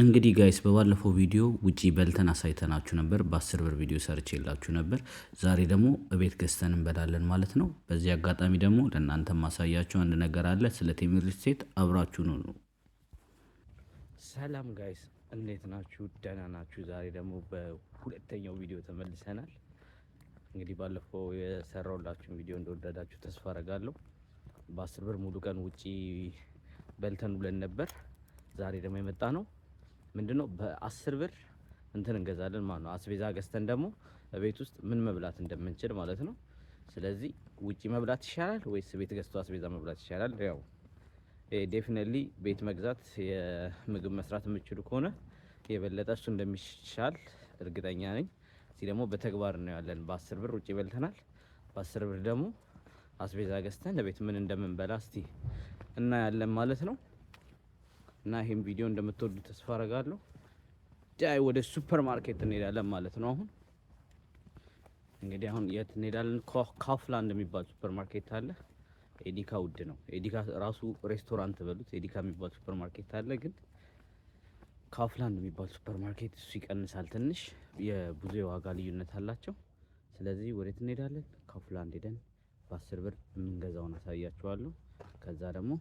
እንግዲህ ጋይስ በባለፈው ቪዲዮ ውጪ በልተን አሳይተናችሁ ነበር። በአስር ብር ቪዲዮ ሰርች የላችሁ ነበር። ዛሬ ደግሞ እቤት ገዝተን እንበላለን ማለት ነው። በዚህ አጋጣሚ ደግሞ ለእናንተ ማሳያችሁ አንድ ነገር አለ። ስለ ቴምር ስቴት አብራችሁ ነው ነው። ሰላም ጋይስ እንዴት ናችሁ? ደህና ናችሁ? ዛሬ ደግሞ በሁለተኛው ቪዲዮ ተመልሰናል። እንግዲህ ባለፈው የሰራውላችሁን ቪዲዮ እንደወደዳችሁ ተስፋ አረጋለሁ። በአስር ብር ሙሉ ቀን ውጪ በልተን ውለን ነበር። ዛሬ ደግሞ የመጣ ነው ምንድነው በአስር ብር እንትን እንገዛለን ማለት ነው። አስቤዛ ገዝተን ደግሞ ቤት ውስጥ ምን መብላት እንደምንችል ማለት ነው። ስለዚህ ውጪ መብላት ይሻላል ወይስ ቤት ገዝቶ አስቤዛ መብላት ይሻላል? ያው ዴፊኒትሊ ቤት መግዛት የምግብ መስራት የምችሉ ከሆነ የበለጠ እሱ እንደሚሻል እርግጠኛ ነኝ። እዚህ ደግሞ በተግባር ነው ያለን። በአስር ብር ውጪ በልተናል። በአስር ብር ደግሞ አስቤዛ ገዝተን ለቤት ምን እንደምንበላ እስቲ እናያለን ማለት ነው። እና ይህም ቪዲዮ እንደምትወዱ ተስፋ አረጋለሁ። ዳይ ወደ ሱፐር ማርኬት እንሄዳለን ማለት ነው። አሁን እንግዲህ አሁን የት እንሄዳለን? ካፍላንድ የሚባል ሱፐር ማርኬት አለ። ኤዲካ ውድ ነው። ኤዲካ ራሱ ሬስቶራንት በሉት። ኤዲካ የሚባል ሱፐር ማርኬት አለ፣ ግን ካፍላንድ የሚባል ሱፐር ማርኬት እሱ ይቀንሳል ትንሽ። የብዙ የዋጋ ልዩነት አላቸው። ስለዚህ ወዴት እንሄዳለን? ካፍላንድ ሄደን በአስር ብር የምንገዛውን አሳያችኋለሁ። ከዛ ደግሞ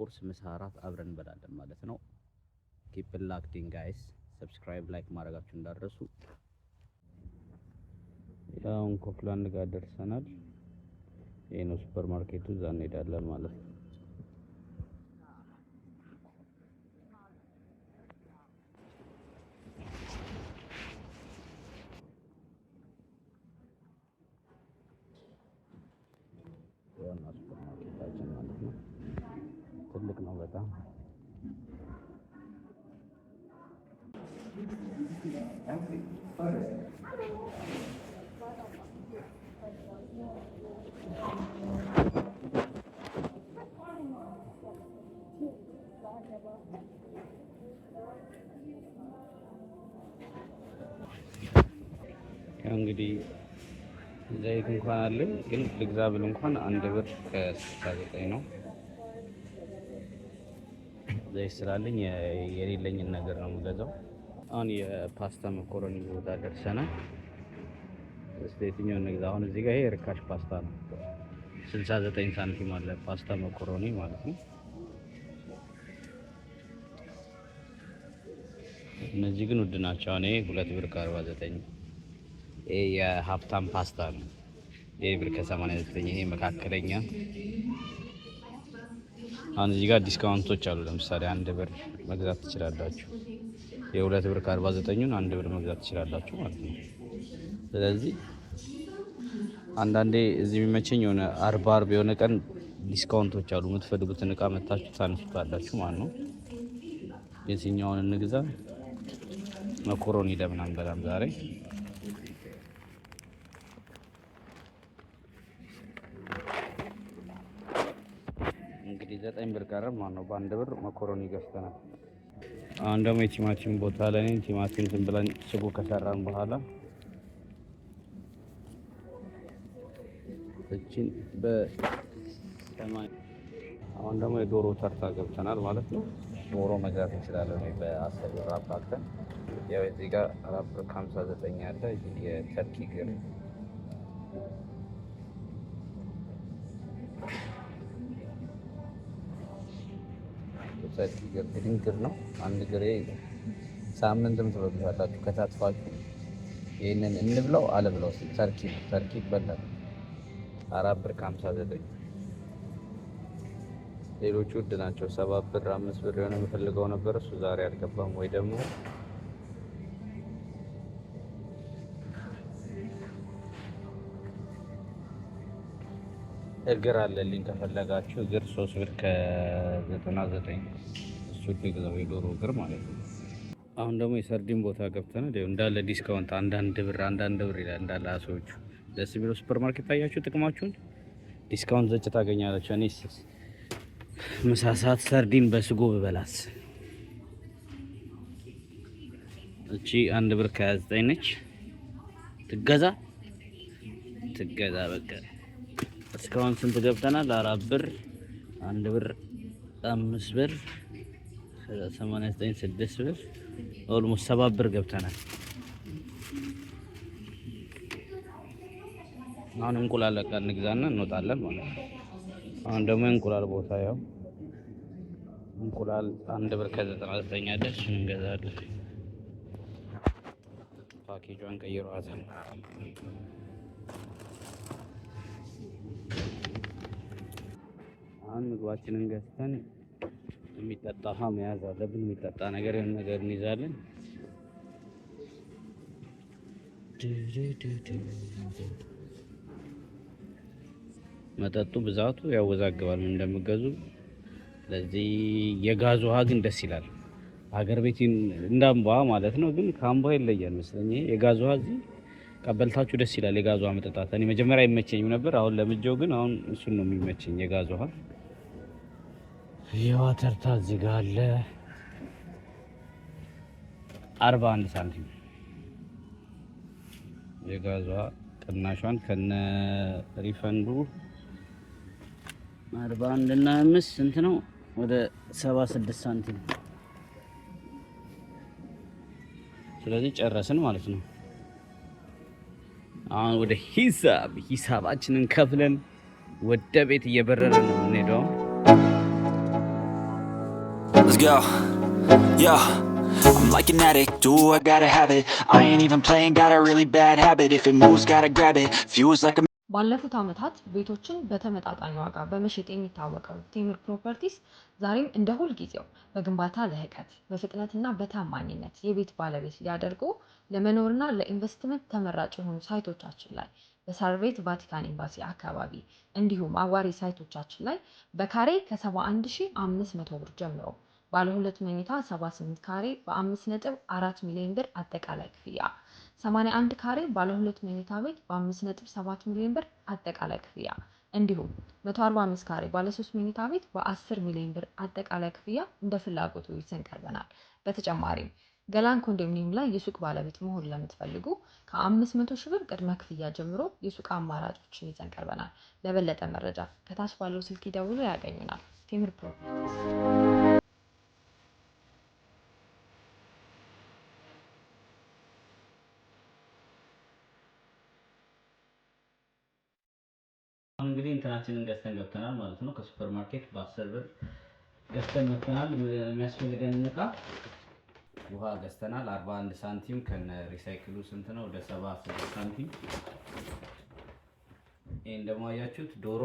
ቁርስ፣ ምሳ፣ እራት አብረን እንበላለን ማለት ነው። ኪፕ ላክቲንግ ጋይስ፣ ሰብስክራይብ ላይክ ማድረጋችሁ እንዳደረሱ። አሁን ኮፍላንድ ጋር ደርሰናል። ይህ ነው ሱፐር ማርኬቱ፣ እዛ እንሄዳለን ማለት ነው። እንግዲህ ዘይት እንኳን አለኝ ግን ልግዛ ብል እንኳን አንድ ብር ከስልሳ ዘጠኝ ነው። ዘይት ስላለኝ የሌለኝን ነገር ነው የምገዛው። አሁን የፓስታ መኮረኒ ቦታ ደርሰናል። እስቲ የትኛውን ንግዛ? አሁን እዚህ ጋር ይሄ ርካሽ ፓስታ ነው፣ 69 ሳንቲም አለ ፓስታ መኮረኒ ማለት ነው። እነዚህ ግን ውድ ናቸው። አሁን ይሄ 2 ብር ከ49 ይሄ የሀብታም ፓስታ ነው። ይሄ ብር ከ89 ይሄ መካከለኛ። አሁን እዚህ ጋር ዲስካውንቶች አሉ። ለምሳሌ አንድ ብር መግዛት ትችላላችሁ። የሁለት ብር ከ 49 አንድ ብር መግዛት ትችላላችሁ ማለት ነው። ስለዚህ አንዳንዴ እዚህ የሚመቸኝ የሆነ አርባ አርብ የሆነ ቀን ዲስካውንቶች አሉ። የምትፈልጉትን እቃ መታችሁ ታነሱታላችሁ ማለት ነው። የትኛውን እንግዛ? መኮሮኒ ለምን አንበላም ዛሬ? እንግዲህ ዘጠኝ ብር ቀረም ማለት ነው። በአንድ ብር መኮሮኒ ገፍተናል። አሁን ደግሞ የቲማቲም ቦታ ላይ ነኝ። ቲማቲም ዝም ብለን ስጎ ከሰራን በኋላ እችን በሰማይ አሁን ደግሞ የዶሮ ተርታ ገብተናል ማለት ነው። ዶሮ መግዛት እንችላለን ወይ በአስር ብር ያው እዚህ ጋር ራብ ከሀምሳ ዘጠኝ ያለ የተርኪ ግር የሚሰጥ ድንግር ነው። አንድ ግሬ ሳምንትም ትበሉታላችሁ ከታጥፋችሁ። ይህንን እንብለው አለብለው ተርኪ ነው። ተርኪ ይበላል። አራት ብር ከሀምሳ ዘጠኝ ሌሎቹ ውድ ናቸው። ሰባት ብር፣ አምስት ብር የሆነ የምፈልገው ነበር እሱ ዛሬ አልገባም ወይ ደግሞ እግር አለልኝ ከፈለጋችሁ እግር ሶስት ብር ከዘጠና ዘጠኝ እሱ ግዛው የዶሮ እግር ማለት ነው። አሁን ደግሞ የሰርዲን ቦታ ገብተናል። እንዳለ ዲስካውንት አንዳንድ ብር አንዳንድ ብር ይላል እንዳለ አሰዎቹ ደስ ብሎ ሱፐር ማርኬት ታያችሁ ጥቅማችሁን ዲስካውንት ዘጭ ታገኛላችሁ። እኔ ምሳ ሰዓት ሰርዲን በስጎ ብበላስ እቺ አንድ ብር ከ29 ነች። ትገዛ ትገዛ በቃ እስካሁን ስንት ገብተናል? አራት ብር፣ አንድ ብር፣ አምስት ብር፣ ሰማንያ ዘጠኝ ስድስት ብር፣ ኦልሞስት ሰባት ብር ገብተናል። አሁን እንቁላል በቃ እንግዛና እንወጣለን ማለት ነው። አሁን ደግሞ እንቁላል ቦታ ያው እንቁላል አንድ ብር ከዘጠና ዘጠኝ አለ። እሱን እንገዛለን። ፓኬጇን ቀይረዋታል። አሁን ምግባችንን ገዝተን የሚጠጣ ውሃ መያዝ አለብን። የሚጠጣ ነገር የሆነ ነገር እንይዛለን። መጠጡ ብዛቱ ያወዛግባል ምን እንደምገዙ። ስለዚህ የጋዝ ውሃ ግን ደስ ይላል። ሀገር ቤት እንዳምባ ማለት ነው፣ ግን ከአምባ ይለያል መስለኝ። የጋዝ ውሃ እዚህ ቀበልታችሁ ደስ ይላል። የጋዝ ውሃ መጠጣት እኔ መጀመሪያ አይመቸኝም ነበር፣ አሁን ለምጄው። ግን አሁን እሱን ነው የሚመቸኝ የጋዝ ውሃ የዋተር ታዚጋ አለ 41 ሳንቲም የጋዟ ቅናሿን ከነ ሪፈንዱ 41 እና 5 ስንት ነው? ወደ 76 ሳንቲም። ስለዚህ ጨረስን ማለት ነው። አሁን ወደ ሂሳብ ሂሳባችንን ከፍለን ወደ ቤት እየበረረ ነው የምንሄደው። Let's go. Yo. I'm like an addict, do I gotta have it. I ain't even playing, got a really bad habit. If it moves, gotta grab it. Feels like a ባለፉት ዓመታት ቤቶችን በተመጣጣኝ ዋጋ በመሸጥ የሚታወቀው ቴምር ፕሮፐርቲስ ዛሬም እንደ ሁል ጊዜው በግንባታ ልህቀት በፍጥነትና በታማኝነት የቤት ባለቤት ሊያደርጉ ለመኖርና ለኢንቨስትመንት ተመራጭ የሆኑ ሳይቶቻችን ላይ በሳርቤት ቫቲካን ኤምባሲ አካባቢ እንዲሁም አዋሪ ሳይቶቻችን ላይ በካሬ ከ71500 ብር ጀምሮ ባለ ሁለት መኝታ 78 ካሬ በ5.4 ሚሊዮን ብር አጠቃላይ ክፍያ፣ 81 ካሬ ባለ ሁለት መኝታ ቤት በ5.7 ሚሊዮን ብር አጠቃላይ ክፍያ፣ እንዲሁም 145 ካሬ ባለ ሶስት መኝታ ቤት በ10 ሚሊዮን ብር አጠቃላይ ክፍያ እንደ ፍላጎቱ ይዘን ቀርበናል። በተጨማሪም ገላን ኮንዶሚኒየም ላይ የሱቅ ባለቤት መሆን ለምትፈልጉ ከ500 ሺህ ብር ቅድመ ክፍያ ጀምሮ የሱቅ አማራጮችን ይዘን ቀርበናል። ለበለጠ መረጃ ከታች ባለው ስልክ ይደውሉ ያገኙናል። ቴምር ፕሮፐርቲስ እንትናችንን ገዝተን ገብተናል ማለት ነው። ከሱፐር ማርኬት በአስር ብር ገዝተን መጥተናል። የሚያስፈልገን እቃ ውሃ ገዝተናል 41 ሳንቲም ከነ ሪሳይክሉ ስንት ነው? ወደ 76 ሳንቲም። ይህ እንደማያችሁት ዶሮ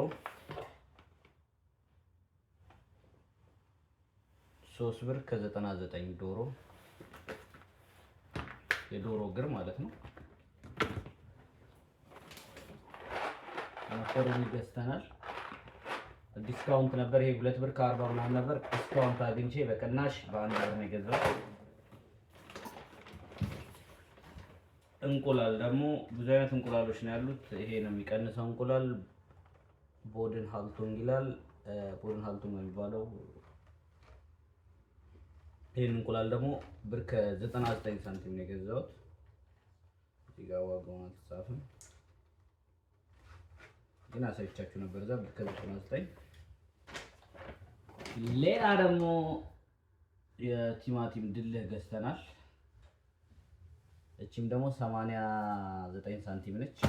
3 ብር ከ99 ዶሮ የዶሮ እግር ማለት ነው። ኮረኒ ገዝተናል። ዲስካውንት ነበር ይሄ ሁለት ብር ከአርባ ምናምን ነበር። ዲስካውንት አግኝቼ በቅናሽ በአንድ ብር ነው የገዛሁት። እንቁላል ደግሞ ብዙ አይነት እንቁላሎች ነው ያሉት። ይሄ ነው የሚቀንሰው እንቁላል ቦድን ሀልቱንግ ይላል። ቦድን ሀልቱንግ ነው የሚባለው። ይህን እንቁላል ደግሞ ብር ከ99 ሳንቲም ነው የገዛሁት። እዚህ ጋ ዋጋውን አልተጻፈም። ግን አሳይቻችሁ ነበር። እዛ ከዘጠኝ ሌላ ደግሞ የቲማቲም ድልህ ገዝተናል። እቺም ደግሞ 89 ሳንቲም ነች።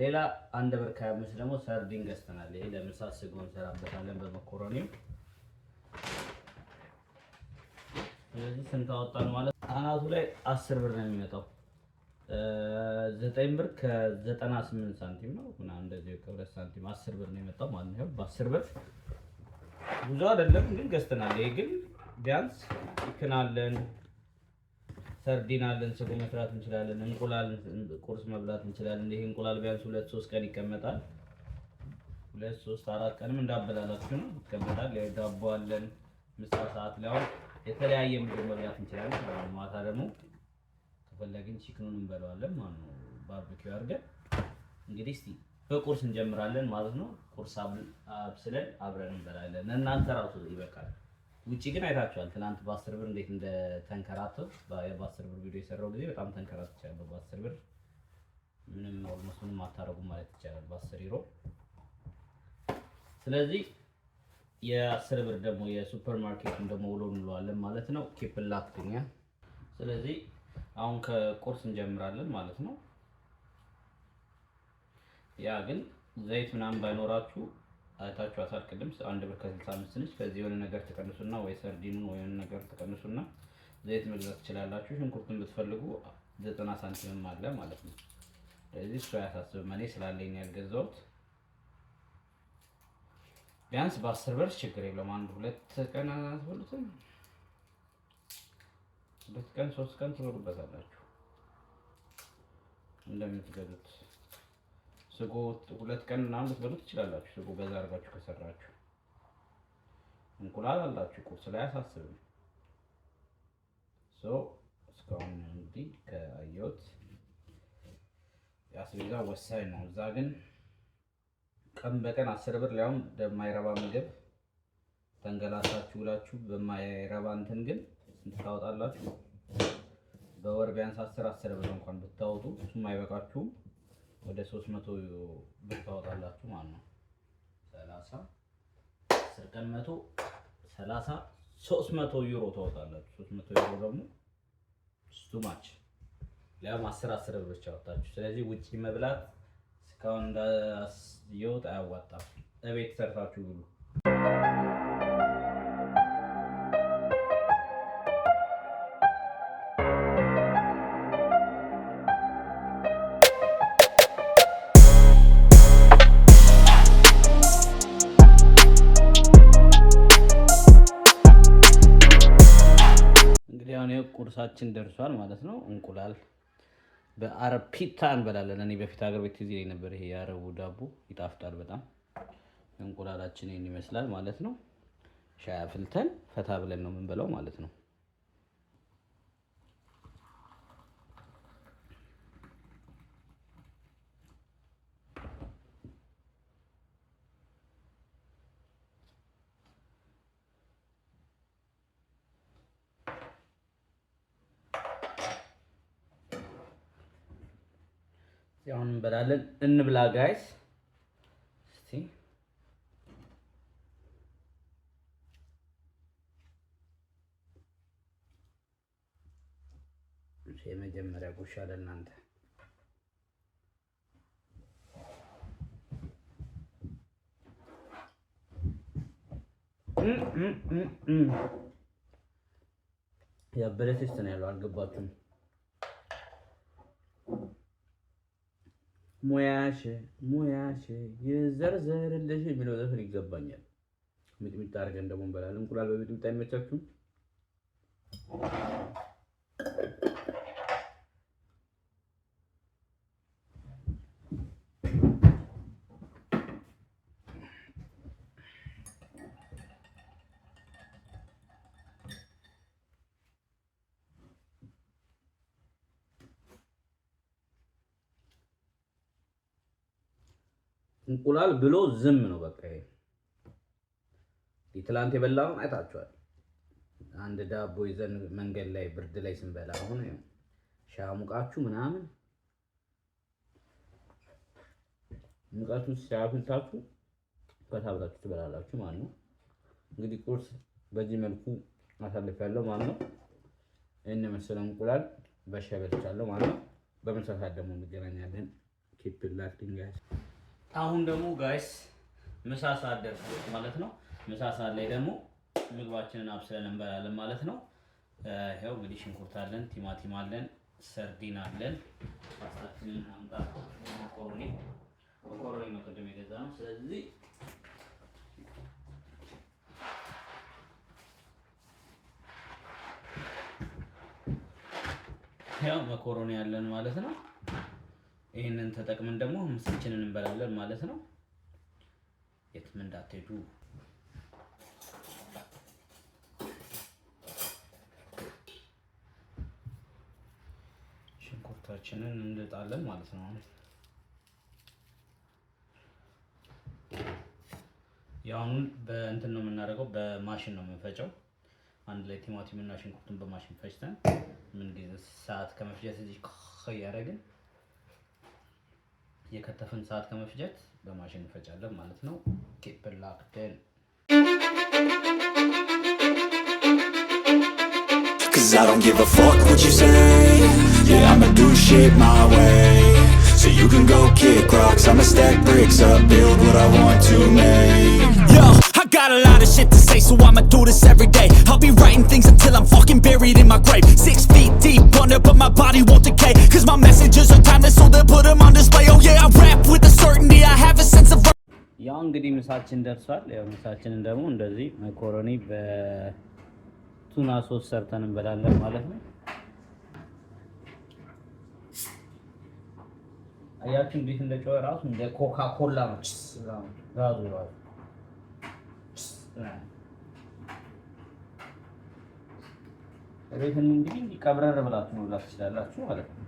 ሌላ አንድ ብር ከሀያ ደግሞ ሰርዲን ገዝተናል። ይሄ ለምሳ ስጎ እንሰራበታለን በመኮረኒም። ስለዚህ ስንት አወጣን ማለት አናቱ ላይ አስር ብር ነው የሚመጣው። ዘጠኝ ብር ከዘጠና ስምንት ሳንቲም ነው ምናምን እንደዚህ ከሁለት ሳንቲም አስር ብር ነው የመጣው ማለት ነው። በአስር ብር ብዙ አይደለም ግን ገዝተናል። ይሄ ግን ቢያንስ ይክናለን፣ ሰርዲናለን፣ ስጎ መስራት እንችላለን፣ እንቁላል ቁርስ መብላት እንችላለን። ይሄ እንቁላል ቢያንስ ሁለት ሶስት ቀን ይቀመጣል። ሁለት ሶስት አራት ቀንም እንዳበላላችሁ ነው ይቀመጣል። ዳቦ አለን ምሳ ሰዓት ላይ አሁን የተለያየ ምግብ መብላት እንችላለን። ማታ ደግሞ ከፈለግን ቺክኑን እንበለዋለን ማለት ነው። ባርበኪው አድርገን እንግዲህ እስቲ በቁርስ እንጀምራለን ማለት ነው። ቁርስ አብስለን አብረን እንበላለን። እናንተ ራሱ ይበቃል። ውጪ ግን አይታችኋል። ትናንት በአስር ብር እንዴት እንደተንከራተው በአስር ብር ቪዲዮ የሰራው ጊዜ በጣም ተንከራትቻለሁ። በአስር ብር ምንም ኦልሞስት ምንም አታረጉም ማለት ይቻላል በአስር ዩሮ። ስለዚህ የአስር ብር ደግሞ የሱፐር ማርኬቱን ደግሞ ውሎ እንለዋለን ማለት ነው። ኪፕ ስለዚህ አሁን ከቁርስ እንጀምራለን ማለት ነው። ያ ግን ዘይት ምናምን ባይኖራችሁ አይታችሁ አሳል ቅድም አንድ ብር ከስልሳ አምስት ነች። ከዚህ የሆነ ነገር ተቀንሱና ወይ ሰርዲኑን ወይ የሆነ ነገር ተቀንሱና ዘይት መግዛት ትችላላችሁ። ሽንኩርቱን ብትፈልጉ ዘጠና ሳንቲምም አለ ማለት ነው። ስለዚህ እሱ አያሳስብም። እኔ ስላለኝ ያልገዛሁት ቢያንስ በአስር ብር ችግር የለውም። አንድ ሁለት ቀን ሁሉትም ሁለት ቀን ሶስት ቀን ትኖሩበታላችሁ። እንደምትገዙት ስጎ ሁለት ቀን ምናምን ልትበሉት ትችላላችሁ። ስጎ በዛ አድርጋችሁ ከሰራችሁ እንቁላል አላችሁ። ቁርስ ላይ አሳስብም ሰው እስካሁን እንግዲህ ከአየሁት የአስቤዛ ወሳኝ ነው። እዛ ግን ቀን በቀን አስር ብር ሊያውም በማይረባ ምግብ ተንገላሳችሁ ውላችሁ በማይረባ እንትን ግን ስንት ታወጣላችሁ? በወር ቢያንስ አስር አስር ብር እንኳን ብታወጡ እሱም አይበቃችሁም። ወደ ሶስት መቶ ብር ታወጣላችሁ ማለት ነው። ሰላሳ አስር ቀን መቶ ሰላሳ ሶስት መቶ ዩሮ ታወጣላችሁ። ሶስት መቶ ዩሮ ደግሞ ስቱማች ሊያም አስር አስር ብር ብቻ ወጣችሁ። ስለዚህ ውጪ መብላት እስካሁን እንዳየሁት አያዋጣም። እቤት ሰርታችሁ ብሉ። ቁርሳችን ደርሷል ማለት ነው። እንቁላል በአረብ ፒታ እንበላለን። እኔ በፊት ሀገር ቤት ጊዜ ነበር። ይሄ የአረቡ ዳቦ ይጣፍጣል በጣም። እንቁላላችን ይህን ይመስላል ማለት ነው። ሻይ አፍልተን ፈታ ብለን ነው የምንበላው ማለት ነው። አሁን እንበላለን። እንብላ ጋይስ። የመጀመሪያ ጉርሻ ለእናንተ ያበለ ቴስት ነው ያለው። አልገባችሁም? ሙያሽ ሙያሽ ይዘርዘርልሽ የሚለው ዘፈን ይገባኛል። ሚጥሚጣ አድርገን ደግሞ እንበላለን። እንቁላል በሚጥሚጣ ይመቻችሁ። እንቁላል ብሎ ዝም ነው በቃ። ትላንት የበላነውን አይታችኋል። አንድ ዳቦ ይዘን መንገድ ላይ ብርድ ላይ ስንበላ አሁን ሻሙቃችሁ ምናምን ሙቃችሁን ሲያፍልታችሁ ከታብላችሁ ትበላላችሁ ማለት ነው። እንግዲህ ቁርስ በዚህ መልኩ አሳልፍ ያለው ማለት ነው። ይህን መሰለ እንቁላል በሻይ በልቻለሁ ማለት ነው። በመሳሳት ደግሞ እንገናኛለን። ኬፕ ድንጋይ አሁን ደግሞ ጋይስ ምሳ ሰዓት ደርሷል ማለት ነው። ምሳ ሰዓት ላይ ደግሞ ምግባችንን አብስለን እንበላለን ማለት ነው። ያው እንግዲህ ሽንኩርት አለን፣ ቲማቲም አለን፣ ሰርዲን አለን፣ ፓስታችንን አምጣ፣ መኮሮኒ መኮሮኒ ነው ቅድም የገዛ ነው። ስለዚህ ያው መኮሮኒ አለን ማለት ነው። ይህንን ተጠቅመን ደግሞ ምስችንን እንበላለን ማለት ነው። የትም እንዳትሄዱ። ሽንኩርታችንን እንልጣለን ማለት ነው። የአሁኑን በእንትን ነው የምናደርገው፣ በማሽን ነው የምንፈጨው። አንድ ላይ ቲማቲምና ሽንኩርቱን በማሽን ፈጭተን ምን ጊዜ ሰዓት ከመፍጀት እዚህ እያደረግን የከተፍን ሰዓት ከመፍጀት በማሽን እንፈጫለን ማለት ነው። ኬፕ ላክደን Cause I don't give a fuck what you say Yeah, I'ma do shit my way So you can go kick rocks I'ma stack bricks up, build what I want to make Got a lot of shit to say, so I'ma do this every day. I'll be writing things until I'm fucking buried in my grave. Six feet deep under, but my body won't decay. Cause my messages are timeless, so they'll put them on display. Oh yeah, I rap with a certainty, I have a sense of. ያው እንግዲህ ምሳችን ደርሷል። ያው ምሳችንን ደግሞ እንደዚህ መኮረኒ በቱና ሶስ ሰርተን እንበላለን ማለት ነው። አያችሁ እንዴት እንደጨወ ራሱ እንደ ኮካ ኮላ ነው ራሱ ራሱ ይመስላል። እንግዲህ ብላችሁ መብላት ትችላላችሁ ማለት ነው።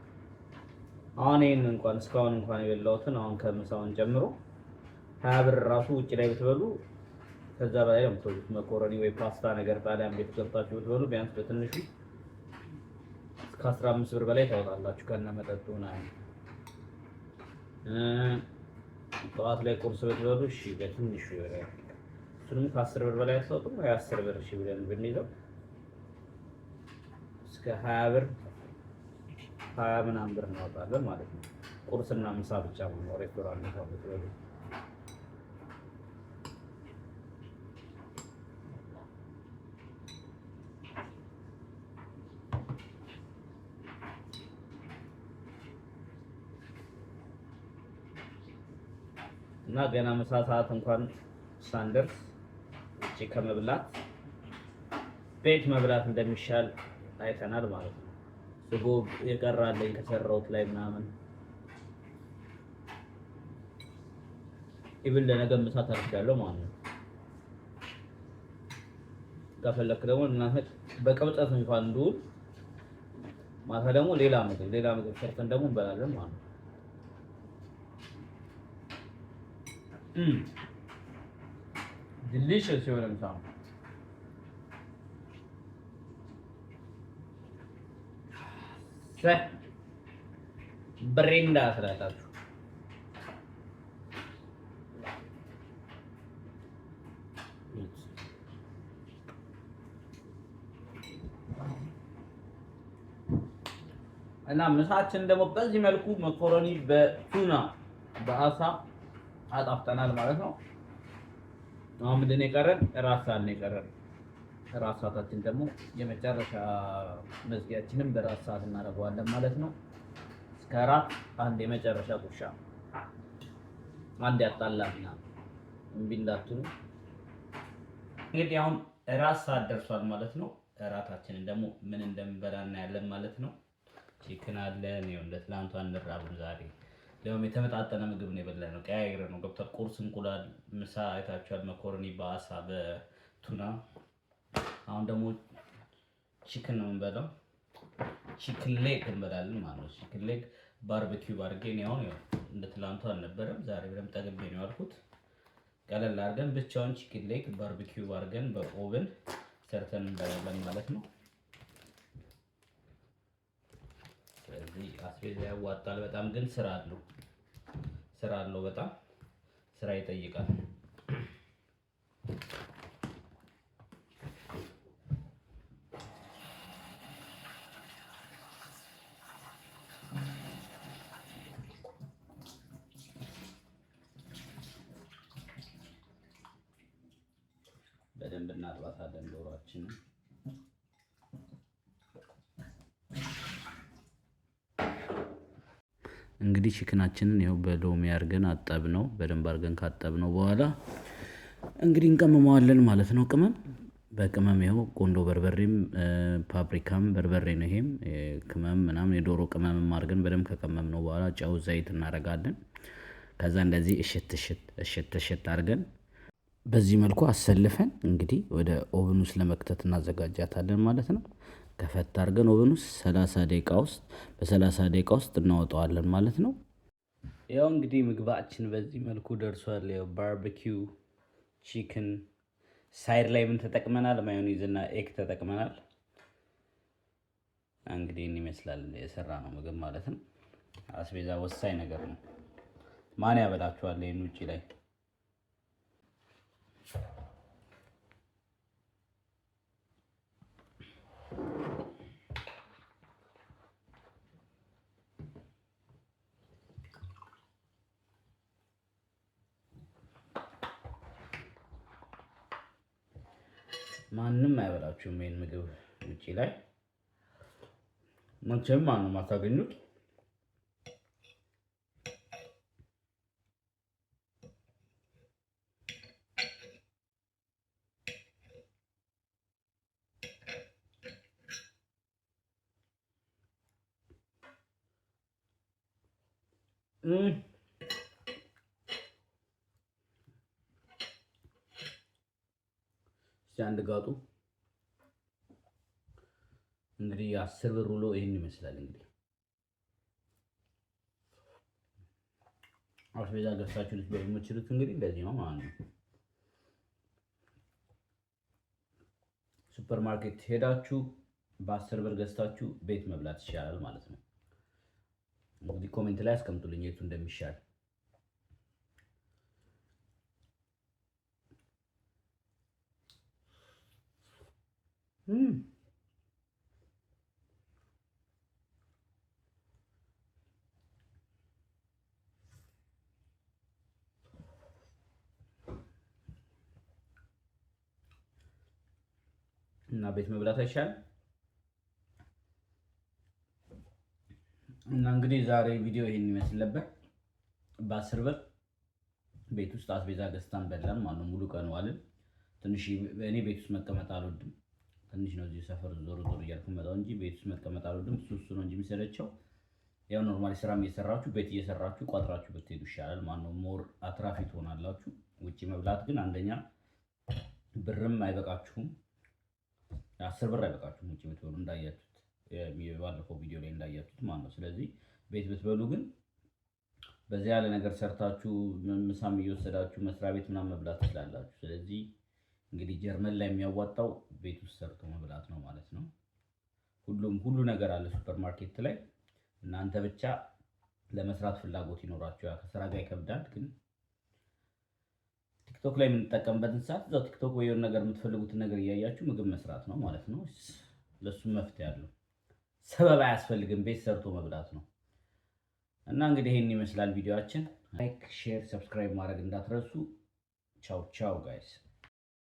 አሁን ይህን እንኳን እስካሁን እንኳን የበላሁትን አሁን ከምሳውን ጀምሮ ሀያ ብር ራሱ ውጭ ላይ ብትበሉ ከዛ በላይ ነው የምትወዱት። መኮረኒ ወይ ፓስታ ነገር ጣሊያን ቤት ገብታችሁ ብትበሉ ቢያንስ በትንሹ እስከ አስራ አምስት ብር በላይ ታወጣላችሁ ከነ መጠጡ ምናምን። ጠዋት ላይ ቁርስ ብትበሉ እሺ በትንሹ ይበላል። ሁለቱንም ከአስር ብር በላይ አትሰጡም ወይ አስር ብር እሺ ብለን ብንይዘው እስከ ሀያ ብር ሀያ ምናምን ብር እናወጣለን ማለት ነው። ቁርስና ምሳ ብቻ ነው ሬስቶራንት ነው ብትበሉ እና ገና ምሳ ሰዓት እንኳን ሳንደርስ ገዝቼ ከመብላት ቤት መብላት እንደሚሻል አይተናል ማለት ነው። ስጎ የቀራለኝ ከሰራሁት ላይ ምናምን ኢብል ለነገ ምሳ ታርሻለሁ ማለት ነው። ከፈለክ ደግሞ እናት በቀብጠት እንኳን እንድውል ማታ ደግሞ ሌላ ምግብ ሌላ ምግብ ሰርተን ደግሞ እንበላለን ማለት ነው። delicious you know Tom. ብሬንዳ ስላላችሁ እና ምሳችን ደግሞ በዚህ መልኩ መኮረኒ በቱና በአሳ አጣፍጠናል ማለት ነው። አሁን ምንድን ነው የቀረን? ራሳን ነው የቀረን። ራስ ሰዓታችን ደግሞ የመጨረሻ መዝጊያችንን በራስ ሰዓት እናደርገዋለን ማለት ነው። እስከ ራት አንድ የመጨረሻ ጉርሻ አንድ ያጣላና እምቢ እንዳትሉ። እንግዲህ አሁን ራስ ሰዓት ደርሷል ማለት ነው። ራታችንን ደግሞ ምን እንደምንበላ እናያለን ማለት ነው። ቺክን አለን ይኸውልህ፣ ትናንቷን እንራብም ዛሬ ያውም የተመጣጠነ ምግብ ነው የበላ ነው ቀያይረ ነው ገብቷል። ቁርስ እንቁላል፣ ምሳ አይታችኋል፣ መኮረኒ በአሳ በቱና። አሁን ደግሞ ቺክን ነው የምንበላው። ቺክን ሌግ እንበላለን ማለት ነው። ቺክን ሌግ ባርቤኪው ባርጌን እኔ አሁን ያው እንደ ትላንቱ አልነበረም ዛሬ ብለም ጠግቤ ነው ያልኩት። ቀለል አድርገን ብቻውን ቺክን ሌግ ባርቤኪው ባርገን በኦቨን ሰርተን እንበላለን ማለት ነው። ስለዚህ አስቤዛ ያዋጣል በጣም ግን ስራ አለው ስራ አለው በጣም ስራ ይጠይቃል። በደንብ እናጥባታለን ዶሯችንን። እንግዲህ ቺክናችንን ይኸው በሎሚ አድርገን አጠብነው በደንብ አድርገን ካጠብነው በኋላ እንግዲህ እንቀመመዋለን ማለት ነው። ቅመም በቅመም ይኸው ቆንዶ በርበሬም፣ ፓፕሪካም በርበሬ ነው። ይሄም ቅመም ምናምን የዶሮ ቅመምም አድርገን በደንብ ከቀመምነው በኋላ ጨው፣ ዘይት እናደርጋለን። ከዛ እንደዚህ እሽት እሽት እሽት እሽት አድርገን በዚህ መልኩ አሰልፈን እንግዲህ ወደ ኦቨን ውስጥ ለመክተት እናዘጋጃታለን ማለት ነው። ከፈት አድርገን ኦቨን ውስጥ ሰላሳ ደቂቃ ውስጥ በሰላሳ ደቂቃ ውስጥ እናወጣዋለን ማለት ነው። ያው እንግዲህ ምግባችን በዚህ መልኩ ደርሷል። ያው ባርበኪው ቺክን ሳይድ ላይ ምን ተጠቅመናል? ማዮኒዝ እና ኤክ ተጠቅመናል። እንግዲህ ይመስላል የሰራ ነው ምግብ ማለት ነው። አስቤዛ ወሳኝ ነገር ነው። ማን ያበላችኋል? ይህን ውጭ ላይ ማንም አይበላችሁም። ይህን ምግብ ውጭ ላይ መቼም ማንም አታገኙት። እ አንድ ጋጡ እንግዲህ አስር ብር ውሎ ይህን ይመስላል። እንግዲህ አስቤዛ ገሳችሁ ልትበሉ የምትችሉት እንግዲህ እንደዚህ ነው ማለት ነው። ሱፐር ማርኬት ሄዳችሁ በአስር ብር ገዝታችሁ ቤት መብላት ይሻላል ማለት ነው። እንግዲህ ኮሜንት ላይ አስቀምጡልኝ የቱ እንደሚሻል። 음. Hmm. እና ቤት መብላት አይሻልም? እና እንግዲህ ዛሬ ቪዲዮ ይሄን ይመስል ነበር። በአስር ብር ቤት ውስጥ አስቤዛ ገዝታን በላን ማለት ነው። ሙሉ ቀን ዋልን። ትንሽ እኔ ቤት ውስጥ መቀመጥ አልወድም። ትንሽ ነው እዚህ ሰፈር ዞሮ ዞሮ እያልኩ መጣው እንጂ ቤት ውስጥ መቀመጥ አልወድም። እሱ እሱ ነው እንጂ የሚሰለቸው። ያው ኖርማሊ ስራም እየሰራችሁ ቤት እየሰራችሁ ቋጥራችሁ ብትሄዱ ይሻላል። ማነው ሞር አትራፊ ትሆናላችሁ። ውጭ መብላት ግን አንደኛ ብርም አይበቃችሁም፣ አስር ብር አይበቃችሁም ውጭ ብትበሉ እንዳያችሁት ባለፈው ቪዲዮ ላይ እንዳያችሁት ማለት ነው። ስለዚህ ቤት ብትበሉ ግን በዚያ ያለ ነገር ሰርታችሁ ምሳም እየወሰዳችሁ መስሪያ ቤት ምናምን መብላት ትችላላችሁ። ስለዚህ እንግዲህ ጀርመን ላይ የሚያዋጣው ቤት ውስጥ ሰርቶ መብላት ነው ማለት ነው። ሁሉም ሁሉ ነገር አለ ሱፐር ማርኬት ላይ። እናንተ ብቻ ለመስራት ፍላጎት ይኖራችሁ። ያ ከስራ ጋር ይከብዳል። ግን ቲክቶክ ላይ የምንጠቀምበትን ሰዓት እዛው ቲክቶክ ወይ የሆነ ነገር የምትፈልጉትን ነገር እያያችሁ ምግብ መስራት ነው ማለት ነው። ለሱም መፍትሄ አለው። ሰበብ አያስፈልግም። ቤት ሰርቶ መብላት ነው። እና እንግዲህ ይህን ይመስላል ቪዲዮአችን። ላይክ፣ ሼር፣ ሰብስክራይብ ማድረግ እንዳትረሱ። ቻው ቻው ጋይስ።